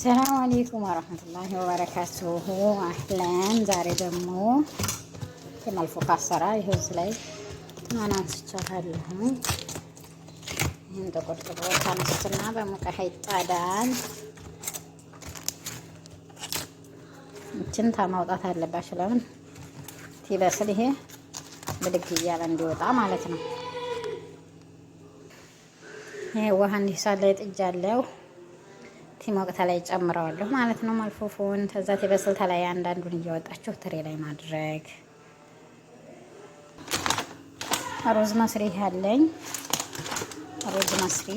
ሰላም አሌይኩም ወረህመቱላሂ ወበረካቱሁ። አህለን ዛሬ ደግሞ የመልፎ ካሰራ ይኸውዝ ላይ ማን አንስቻታለሁ። ይህን ተቆርጥሮ ታነስትና በሙቀ ይጣዳል። ይችን ታማውጣት አለባችሁ። ለምን ሲበስል ይሄ ብድግ እያለ እንዲወጣ ማለት ነው። ይሄ ውሃ እንዲህ ሳለ ቲሞቅታ ላይ ጨምረዋለሁ ማለት ነው። መልፎፎን ከዛ የበስልታ ላይ አንዳንዱን እያወጣችሁ ትሬ ላይ ማድረግ። ሮዝ መስሪ ያለኝ ሮዝ መስሪ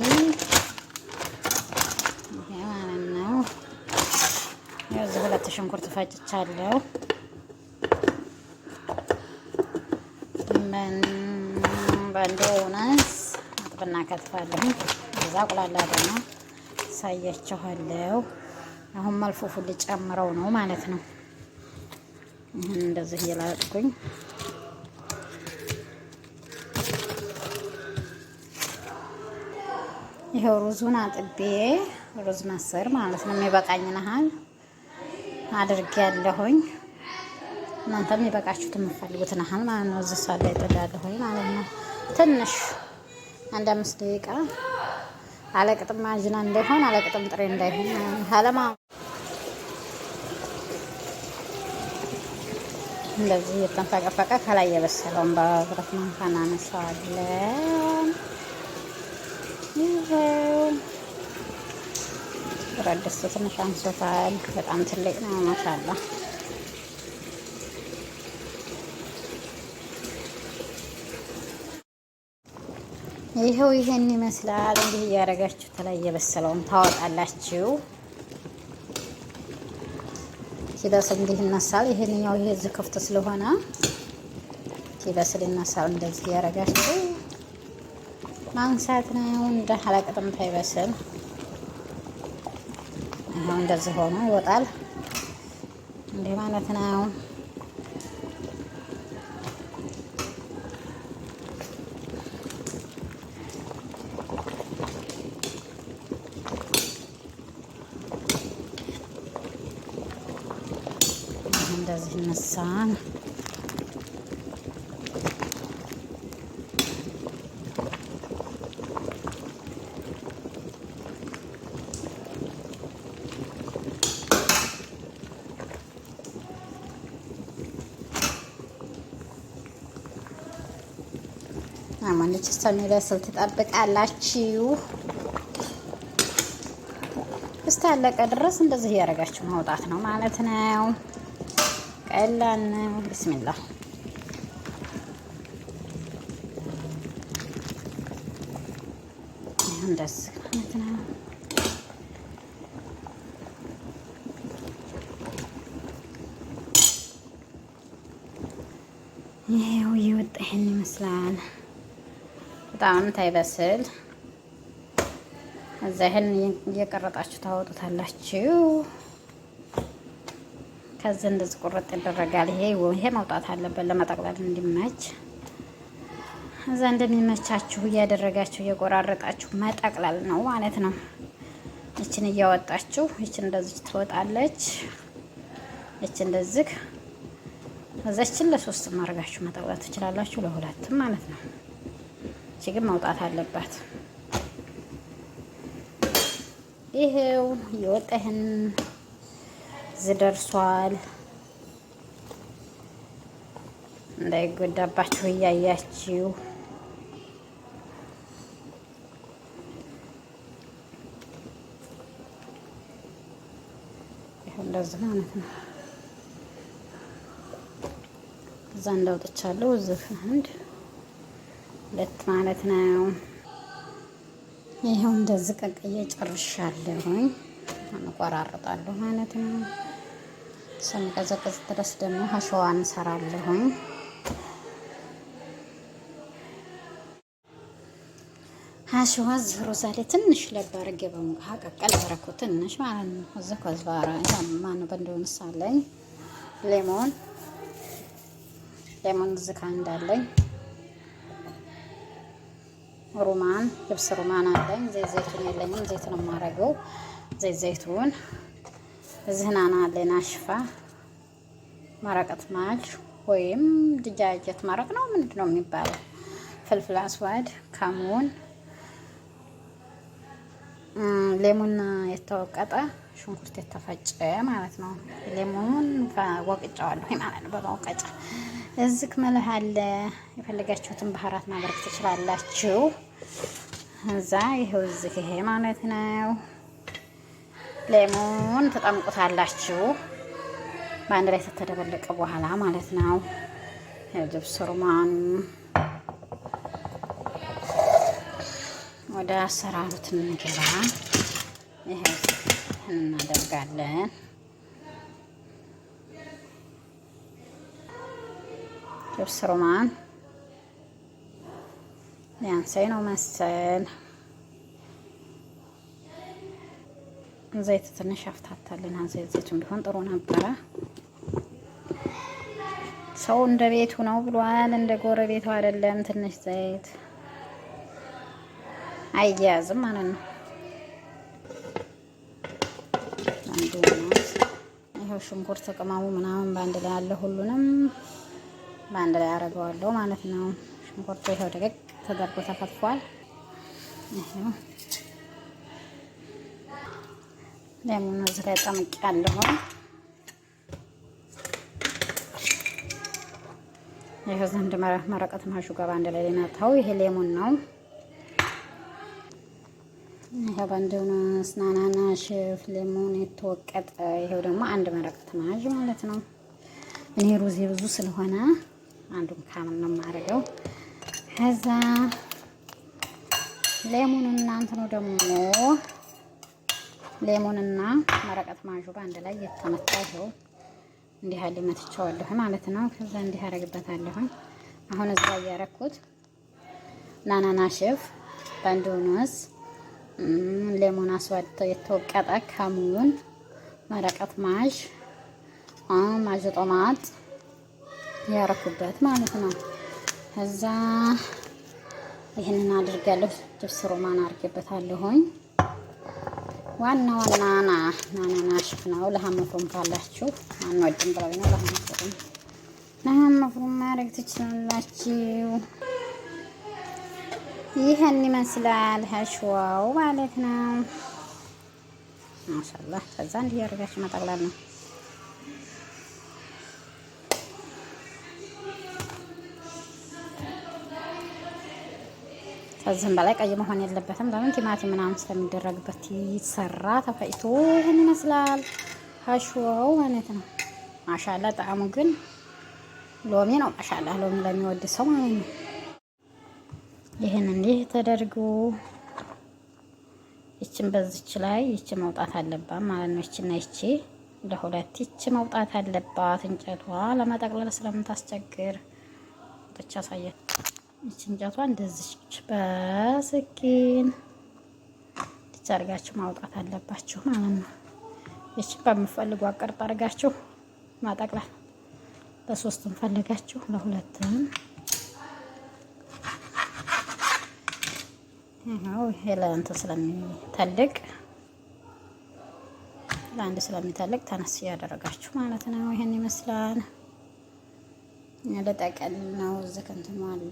ማለት ሁለት ሽንኩርት ፈጭቻለሁ። በእንደ እውነት አጥብና ከትፋለሁ። እዛ ቁላላ ደግሞ አሳያችኋለሁ። አሁን መልፉፉን ልጨምረው ነው ማለት ነው። ይህን እንደዚህ እየላጥኩኝ ይኸው ሩዙን አጥቤ ሩዝ መስር ማለት ነው። የሚበቃኝ ነሃል አድርጌ ያለሁኝ እናንተም የበቃችሁት የምፈልጉት ነሃል ማለት ነው። እዚህ ሳለ ይጥዳለሁኝ ማለት ነው። ትንሽ አንድ አምስት ደቂቃ አለቅጥም አጅና እንዳይሆን አለቅጥም ጥሬ እንዳይሆን ሀለማ እንደዚህ እየተንፈቀፈቀ ከላይ የበሰለውን በብረት ማንካ እናነሳዋለን። ይኸው ብረት ድስቱ ትንሽ አንሶታል። በጣም ትልቅ ነው። ማሻላ ይኸው ይሄን ይመስላል እንግዲህ እያደረጋችሁ ተላይ የበሰለውን ታወጣላችሁ። ሲበስል እንዲህ ይነሳል። ይሄንኛው ይሄ እዚህ ክፍት ስለሆነ ሲበስል ይነሳል። እንደዚህ እያደረጋችሁ ማንሳት ነው እንደ ሀላቅጥም ታይበስል። ይኸው እንደዚህ ሆኖ ይወጣል እንዲህ ማለት ነው። ትታማለች። እሷን ይበስል ትጠብቃላችሁ። እስታለቀ ድረስ እንደዚህ እያደረጋችሁ ማውጣት ነው ማለት ነው። ቀላል ነው። ቢስሚላህ እንደዚህ ማለት ነው። ይኸው እየወጣ ይሄን ይመስላል። በጣም ታይበስል እዛ ይህን እየቀረጣችሁ ታወጡታላችሁ። ከዚህ እንደዚ ቁርጥ ይደረጋል። ይሄ ይሄ መውጣት አለበት ለመጠቅለል እንዲመች። እዛ እንደሚመቻችሁ እያደረጋችሁ እየቆራረጣችሁ መጠቅለል ነው ማለት ነው። ይችን እያወጣችሁ ይችን እንደዚህ ትወጣለች። ይች እንደዚህ እዛችን ለሶስትም አድርጋችሁ መጠቅለል ትችላላችሁ፣ ለሁለትም ማለት ነው። እቺ ግን መውጣት አለባት። ይሄው የወጣህን ዝደርሷል እንዳይጎዳባችሁ እያያችሁ እንደዚህ ማለት ነው። እዛ እንዳውጥቻለሁ እዚህ አንድ ሁለት ማለት ነው። ይኸው እንደዚህ ቀቅዬ ጨርሻለሁኝ። እንቆራርጣለሁ ማለት ነው። እስከሚቀዘቅዝ ድረስ ደግሞ ሀሸዋ እንሰራለሁኝ። ሀሸዋ ዝሮ ሮዛ ትንሽ ለብ አድርጌ ቀቀል ረኩ ትንሽ ማለት ነው። እዚ ኮዝባረ ማነው በእንደሆነ ሳለኝ ሌሞን ሌሞን ዝካ እንዳለኝ ሩማን የብስ ሩማን አለኝ። ዘይት ዘይቱን የለኝም። ዘይት ነው የማረገው። ዘይት ዘይቱን ዝህናና አለኝ አሽፋ መረቀት ማል ወይም ድጃጀት መረቅ ነው ምንድን ነው የሚባለው? ፍልፍል አስዋድ፣ ከሙን ሌሙን የተወቀጠ ሽንኩርት የተፈጨ ማለት ነው። ሌሙን ወቅጫዋለሁ ማለት ነው በመውቀጫ እዝክ መልህ አለ። የፈለጋችሁትን ባህራት ማድረግ ትችላላችሁ። እዛ ይሄው እዝክ ይሄ ማለት ነው። ሌሞን ተጠምቁታላችሁ በአንድ ላይ ተተደበለቀ በኋላ ማለት ነው። የልብስ ሩማኑ ወደ አሰራሩት እንገባ። ይሄ እናደርጋለን ሮማን ሊያንሳይ ነው መሰል። ዘይት ትንሽ አፍታታልና ዘይት ዘይቱ እንዲሆን ጥሩ ነበረ። ሰው እንደ ቤቱ ነው ብሏል። እንደ ጎረቤቱ አይደለም። ትንሽ ዘይት አያያዝም ማለት ነው። አንዱ ይኸው ሽንኩርት ቅመሙ ምናምን በአንድ ላይ ያለ ሁሉንም በአንድ ላይ አደርገዋለሁ ማለት ነው። ሽንኩርቱ ይኸው ደቀቅ ተደርጎ ተከትፏል። ለምን እዚህ ላይ ጠምቅ ያለሁ ይህ ዘንድ መረቀት ማሹ ጋር በአንድ ላይ ሊናታው ይሄ ሌሙን ነው። ይሄ ባንዱን ስናናና ሽፍ ሌሙን የተወቀጠ ይሄው ደግሞ አንድ መረቀት ማሽ ማለት ነው። እኔ ሩዝ ብዙ ስለሆነ አንዱን ካምን ነው የማደርገው። ከዛ እና እንትኑ ደግሞ ሌሙንና መረቀት ማንሹ በአንድ ላይ የተመታ ይኸው እንዲህ አለ መትቻዋለሁ ማለት ነው። ከዛ እንዲህ አደርግበታለሁ። አሁን እዛ እያረኩት ናናና ሽፍ በአንድ ኑስ ሌሙን አስወጥ የተወቀጠ ከሙን መረቀት ማሽ ማዥ ጦማት ያረኩበት ማለት ነው። እዛ ይህንን አድርጋለሁ። ጥብስ ሮማን አድርጌበታለሁኝ። ዋና ዋና ና ናናናሽ ነው። ለሀመፍሩም ካላችሁ አንወድም ብለው ነው። ለሀመፍሩም ለሀመፍሩም ማድረግ ትችላላችሁ። ይህን ይመስላል ሀሽዋው ማለት ነው። ማሻላ ከዛ እንዲህ ያደርጋችሁ መጠቅላል ነው። ከዚህም በላይ ቀይ መሆን የለበትም። ለምን ቲማቲም ምናምን ስለሚደረግበት ይሰራ ተፈጭቶ ይህን ይመስላል ሀሽዋው ማለት ነው። ማሻላ ጣዕሙ ግን ሎሚ ነው። ማሻላ ሎሚ ለሚወድ ሰው ማለት ነው። ይህን እንዲህ ተደርጎ ይችን በዚች ላይ ይች መውጣት አለባት ማለት ነው። ይችና ይቺ ለሁለት ይች መውጣት አለባት። እንጨቷ ለመጠቅለል ስለምታስቸግር ብቻ ሳየት ይች እንጨቷ እንደዚች በስኪን አድርጋችሁ ማውጣት አለባችሁ ማለት ነው። ይች በምፈልጉ አቅርጥ አድርጋችሁ ማጠቅላል። በሶስትም ፈልጋችሁ ለሁለትም ይኸው ይሄ ስለሚተልቅ ለአንድ ስለሚተልቅ ተነስ እያደረጋችሁ ማለት ነው። ይህን ይመስላል። ለጠቀል ነው ዝክንትም አለ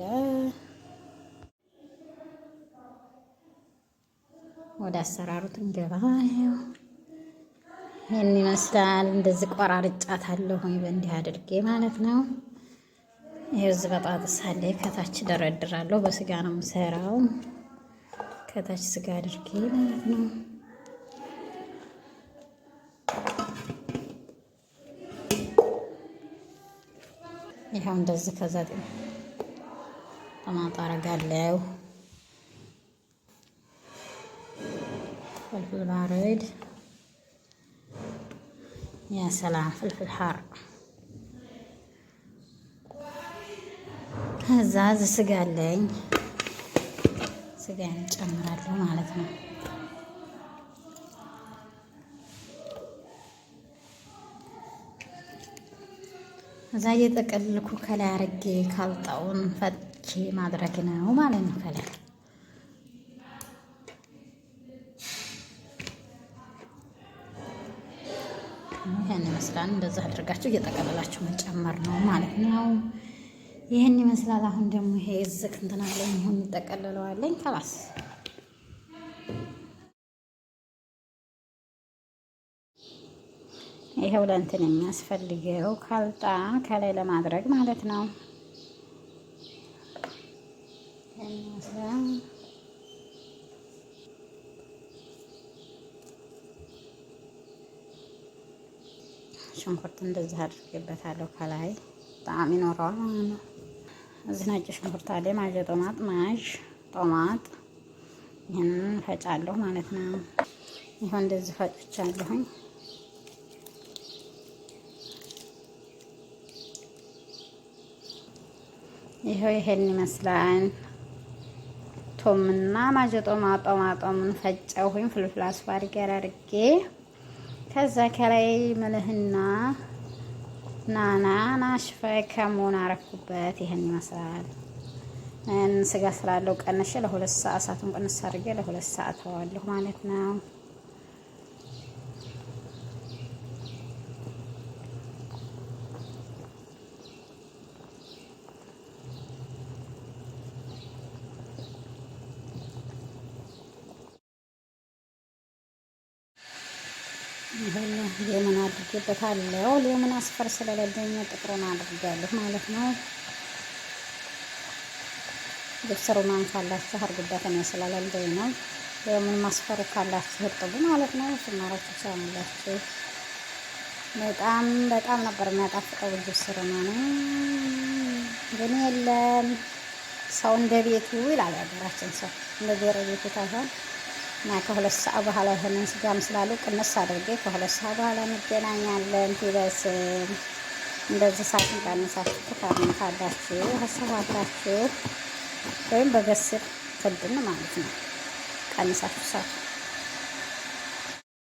ወደ አሰራሩት እንገባ። ይህን ይመስላል። እንደዚህ ቆራርጫት አለሁኝ በእንዲህ አድርጌ ማለት ነው። ይህዚ በጣጥስ አለ ከታች ደረድራለሁ። በስጋ ነው የምሰራው። ከታች ስጋ አድርጌ ማለት ነው። ይኸው እንደዚህ ከዛ ጠማጣ አረጋለሁ። ፍልፍል ባርድ ያ ሰላም ፍልፍል ሐር ከዛ እዚህ ስጋ አለኝ። ስጋ እንጨምራለሁ ማለት ነው። ከዛ እየጠቀልልኩ ከላይ አርጌ ካልጣውን ፈቼ ማድረግ ነው ማለት ነው ከላይ ያን ይመስላል። እንደዛ አድርጋችሁ እየጠቀለላችሁ መጨመር ነው ማለት ነው። ይህን ይመስላል። አሁን ደግሞ ይሄ ዝቅ እንትናለኝ ይሁን ይጠቀልለዋለኝ ከላስ ይሄው ለእንትን የሚያስፈልገው ካልጣ ከላይ ለማድረግ ማለት ነው። ሽንኩርት እንደዚህ አድርጌበታለሁ። ከላይ ጣዕም ይኖረዋል ማለት ነው። እዚህ ነጭ ሽንኩርት አለ፣ ማጀ ጦማጥ፣ ማዥ ጦማጥ ይህንን ፈጫለሁ ማለት ነው። ይኸው እንደዚህ ፈጭቻለሁኝ። ይኸው ይሄን ይመስላል። ቶምና ማጀጦ ፈጨው ፈጨሁኝ ፍልፍል አስፋር ጋር አድርጌ ከዛ ከላይ ምልህና ናና ናሽፈ ከሞን አረኩበት። ይሄን ይመስላል። ስጋ ስላለው ቀንሼ ለሁለት ሰዓት እሳቱን ቀንስ አድርጌ ለሁለት ሰዓት ተዋለሁ ማለት ነው። ይሁሉ ሌምን አድርጌበታለሁ። ሌምን አስፈር ስለሌለኝ ጥቁሩን አድርጌያለሁ ማለት ነው። ስሩናን ካላችሁ አድርጉበት፣ እኔ ስለሌለኝ ነው። ሌሙን ማስፈሩ ካላችሁ እርጥቡ ማለት ነው። ስማራችሁ ሳሙላችሁ በጣም በጣም ነበር የሚያጣፍጠው ጁስ ስሩና ግን የለም ሰው እንደ ቤቱ ይላል ያገራችን ሰው እንደ ጎረቤቱ ታይሆን እና ከሁለት ሰዓት በኋላ ይሄንን ስጋም ስላሉ ቅንስ አድርጌ ከሁለት ሰዓት በኋላ እንገናኛለን። ይበስል እንደዚህ ሰዓት ቀንሳችሁ ተካምን ካላችሁ አሰፋፍታችሁ ወይም በገስር ክድን ማለት ነው ቀንሳችሁ ሳቱ